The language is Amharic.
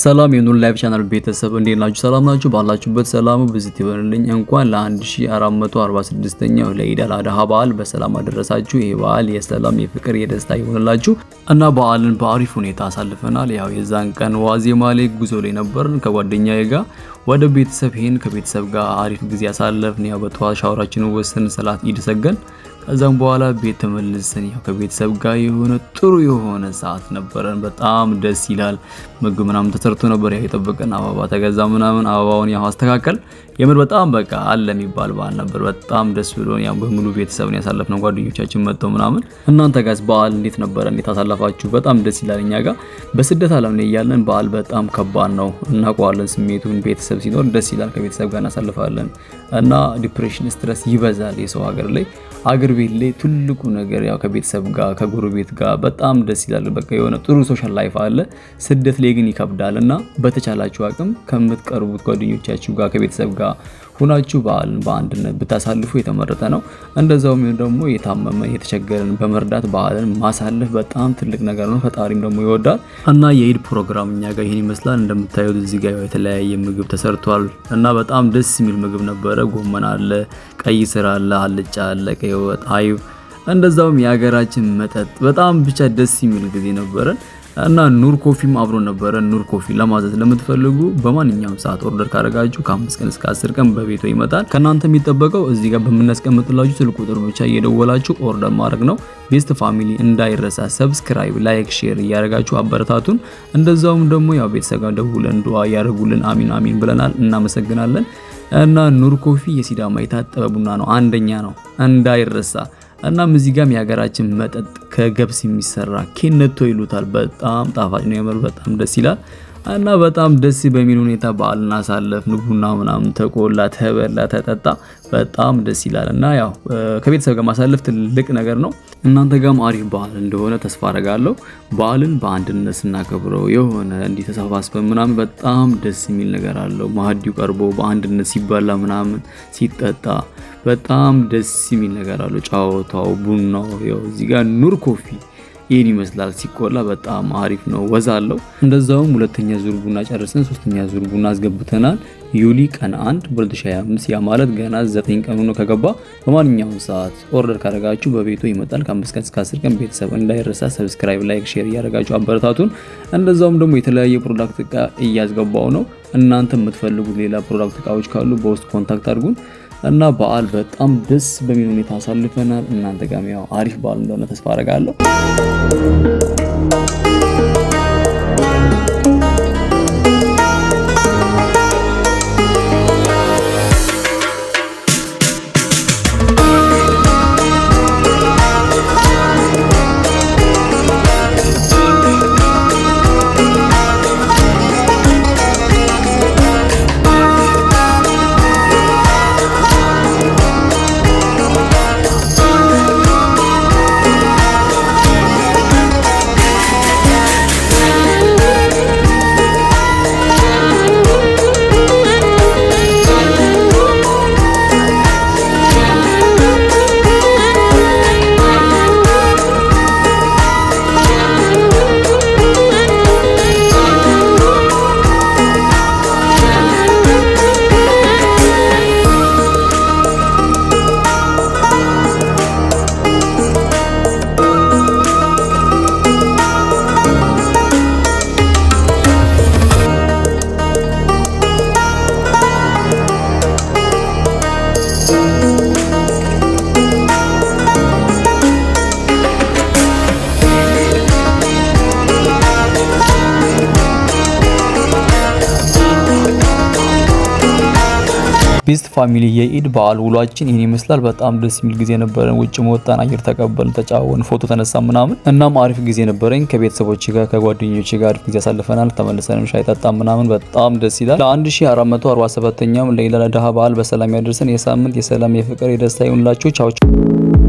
ሰላም የኑር ላይፍ ቻናል ቤተሰብ እንዴት ናችሁ? ሰላም ናችሁ? ባላችሁበት ሰላሙ ብዝት ይሆንልኝ። እንኳን ለ1446ኛው ለኢድ አል አድሃ በዓል በሰላም አደረሳችሁ። ይህ በዓል የሰላም የፍቅር፣ የደስታ ይሆንላችሁ እና በዓልን በአሪፍ ሁኔታ አሳልፈናል። ያው የዛን ቀን ዋዜማ ላይ ጉዞ ላይ ነበርን ከጓደኛዬ ጋር ወደ ቤተሰብ ሄን ከቤተሰብ ጋር አሪፍ ጊዜ አሳለፍን። ያው በተዋ ሻወራችን ወስን ሰላት ኢድ ሰገን ከዛም በኋላ ቤት ተመልሰን ያው ከቤተሰብ ጋር የሆነ ጥሩ የሆነ ሰዓት ነበረን። በጣም ደስ ይላል። ምግብ ምናምን ተሰርቶ ነበር ያው የጠበቀን። አበባ ተገዛ ምናምን አበባውን ያው አስተካከል። የምር በጣም በቃ አለ የሚባል በዓል ነበር። በጣም ደስ ብሎን ያው በሙሉ ቤተሰብን ያሳለፍነው ጓደኞቻችን መጥተው ምናምን። እናንተ ጋስ በዓል እንዴት ነበረ? እንዴት አሳለፋችሁ? በጣም ደስ ይላል። እኛ ጋር በስደት ዓለም ላይ እያለን በዓል በጣም ከባድ ነው። እናውቀዋለን ስሜቱን። ቤተሰብ ሲኖር ደስ ይላል። ከቤተሰብ ጋር እናሳልፋለን እና ዲፕሬሽን፣ ስትረስ ይበዛል የሰው ሀገር ላይ አገር ቤት ላይ ትልቁ ነገር ያው ከቤተሰብ ጋር ከጎረቤት ጋር በጣም ደስ ይላል። በቃ የሆነ ጥሩ ሶሻል ላይፍ አለ። ስደት ላይ ግን ይከብዳል እና በተቻላችሁ አቅም ከምትቀርቡት ጓደኞቻችሁ ጋር ከቤተሰብ ጋር ሁናችሁ በዓልን በአንድነት ብታሳልፉ የተመረጠ ነው። እንደዛውም ደግሞ የታመመ የተቸገረን በመርዳት በዓልን ማሳለፍ በጣም ትልቅ ነገር ነው። ፈጣሪም ደግሞ ይወዳል እና የኢድ ፕሮግራም እኛ ጋር ይህን ይመስላል። እንደምታዩት እዚህ ጋር የተለያየ ምግብ ተሰርቷል እና በጣም ደስ የሚል ምግብ ነበረ። ጎመን አለ፣ ቀይ ስር አለ፣ አልጫ አለ፣ ቀይ ወጥ አይብ፣ እንደዛውም የሀገራችን መጠጥ በጣም ብቻ ደስ የሚል ጊዜ ነበረን። እና ኑር ኮፊም አብሮ ነበረ። ኑር ኮፊ ለማዘዝ ለምትፈልጉ በማንኛውም ሰዓት ኦርደር ካደረጋችሁ ከአምስት ቀን እስከ አስር ቀን በቤቶ ይመጣል። ከእናንተ የሚጠበቀው እዚህ ጋር በምናስቀምጥላችሁ ስልክ ቁጥር ብቻ እየደወላችሁ ኦርደር ማድረግ ነው። ቤስት ፋሚሊ እንዳይረሳ፣ ሰብስክራይብ፣ ላይክ፣ ሼር እያደረጋችሁ አበረታቱን። እንደዛውም ደግሞ ያው ቤተሰብ ጋር ደውለን ዱዓ እያደረጉልን አሚን አሚን ብለናል። እናመሰግናለን። እና ኑር ኮፊ የሲዳማ የታጠበ ቡና ነው፣ አንደኛ ነው፣ እንዳይረሳ እናም እዚህ ጋም የሀገራችን መጠጥ ከገብስ የሚሰራ ኬነቶ ይሉታል። በጣም ጣፋጭ ነው የምር በጣም ደስ ይላል። እና በጣም ደስ በሚል ሁኔታ በዓልን አሳለፍን። ቡና ምናምን ተቆላ፣ ተበላ፣ ተጠጣ። በጣም ደስ ይላል እና ያው ከቤተሰብ ጋር ማሳለፍ ትልቅ ነገር ነው። እናንተ ጋርም አሪፍ በዓል እንደሆነ ተስፋ አደርጋለሁ። በዓልን በአንድነት ስናከብረው የሆነ እንዲህ ተሰባስበን ምናምን በጣም ደስ የሚል ነገር አለው። ማህዲው ቀርቦ በአንድነት ሲበላ ምናምን ሲጠጣ በጣም ደስ የሚል ነገር አለው። ጫወታው፣ ቡናው ያው እዚህ ጋር ኑር ኮፊ ይህን ይመስላል። ሲቆላ በጣም አሪፍ ነው፣ ወዛ አለው። እንደዛውም ሁለተኛ ዙር ቡና ጨርሰን ሶስተኛ ዙር ቡና አስገብተናል። ዩሊ ቀን 1 2025 ያ ማለት ገና 9 ቀኑ ነው። ከገባ በማንኛውም ሰዓት ኦርደር ካደረጋችሁ በቤቱ ይመጣል። ከአምስት ቀን እስከ 10 ቀን ቤተሰብ እንዳይረሳ፣ ሰብስክራይብ፣ ላይክ፣ ሼር እያደረጋችሁ አበረታቱን። እንደዛውም ደግሞ የተለያየ ፕሮዳክት እቃ እያስገባው ነው። እናንተ የምትፈልጉት ሌላ ፕሮዳክት እቃዎች ካሉ በውስጥ ኮንታክት አድርጉን። እና በዓል በጣም ደስ በሚል ሁኔታ አሳልፈናል። እናንተ ጋርም ያው አሪፍ በዓል እንደሆነ ተስፋ አደርጋለሁ። ቢስት ፋሚሊ የኢድ በዓል ውሏችን ይህን ይመስላል። በጣም ደስ የሚል ጊዜ ነበረን። ውጭ መወጣን፣ አየር ተቀበልን፣ ተጫወን፣ ፎቶ ተነሳ ምናምን። እናም አሪፍ ጊዜ ነበረኝ ከቤተሰቦች ጋር ከጓደኞች ጋር አሪፍ ጊዜ አሳልፈናል። ተመልሰንም ሻይ ጠጣ ምናምን በጣም ደስ ይላል። ለ1447ኛውም ለኢድ አል አድሃ በዓል በሰላም ያደርሰን። የሳምንት የሰላም የፍቅር የደስታ ይሁንላችሁ። ቻውቻው